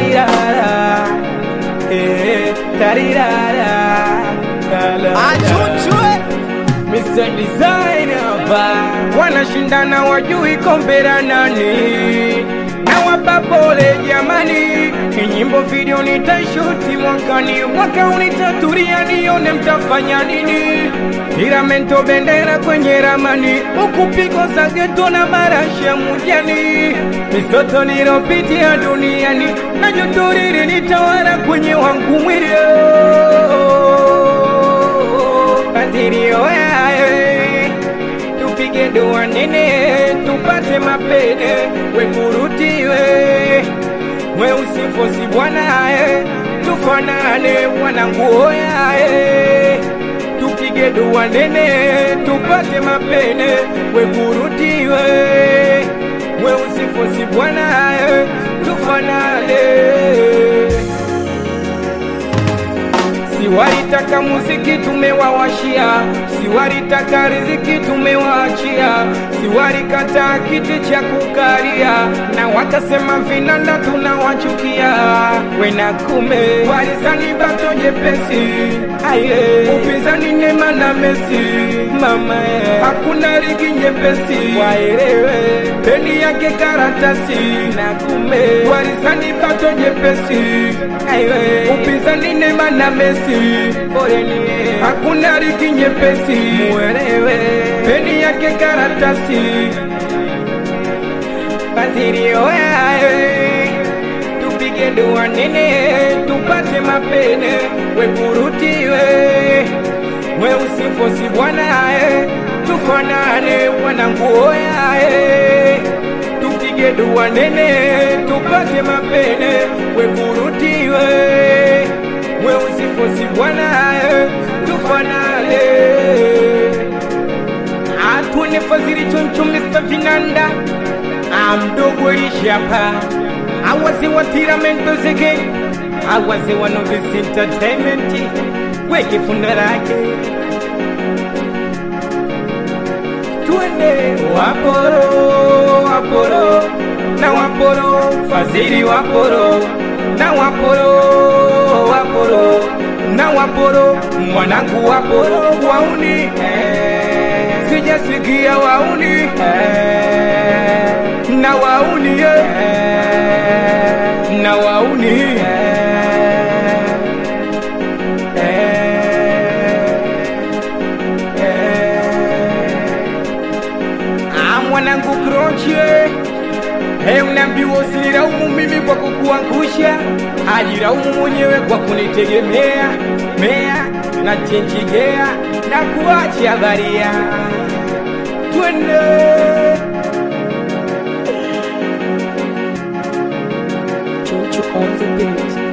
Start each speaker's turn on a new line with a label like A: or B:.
A: tarirara, eh, tarirara,
B: achuchwe
A: wanashindana wajui kombe la nani nawapa pole jamani, kinyimbo video nitaishuti mwakani, mwaka unitaturia nione mtafanya nini, ila mento bendera kwenye ramani, ukupiko za geto na marashi ya mujani, misoto nilopitia duniani, na jotoriri nitawala kwenye wangu mwilio tupige dua nene tupate mapene wekuru mweusi posi bwanaye, tufanane mwanangu oyaye, tupige dua nene, tupate mapene, wekurutiwe mweusi posi bwanaye, tufanane Siwalitaka muziki tumewawashia, siwalitaka riziki tumewaachia, siwalikataa kiti cha kukalia, na wakasema vinanda tunawachukia. Wena kume walizani bato jepesi, aye upinzani Neema na mesi mama hakuna rigi nyepesi, waelewe peni yake karatasi, na kume walizani bato jepesi, aye Neymar na Messi, hakuna ligi nyepesi, muelewe. Peni yake karatasi kazirioyae, tupige dua nene, tupate mapene, weburutiwe we usikosi bwanae, tuko nane wananguoyae, tupige dua nene, tupate mapene, weburutiwe Mungu si Bwana, tuko naye
B: atunefaziri chonchomesa vinanda amdogorishyapa awaze wa tiramento zeke awaze wa novis entertainment wekifunda lake twende waporo waporo na waporo faziri waporo na waporo mwana wa poro, mwanangu wa poro wauni eh, sijasikia wauni eh, na wauni eh, na wauni eh, eh, mwanangu kronchie Hey, unaambiwa usinilaumu mimi kwa kukuangusha, ajilaumu mwenyewe kwa kunitegemea mea na chenjigea na kuacha baria twende Chuchu on the beat.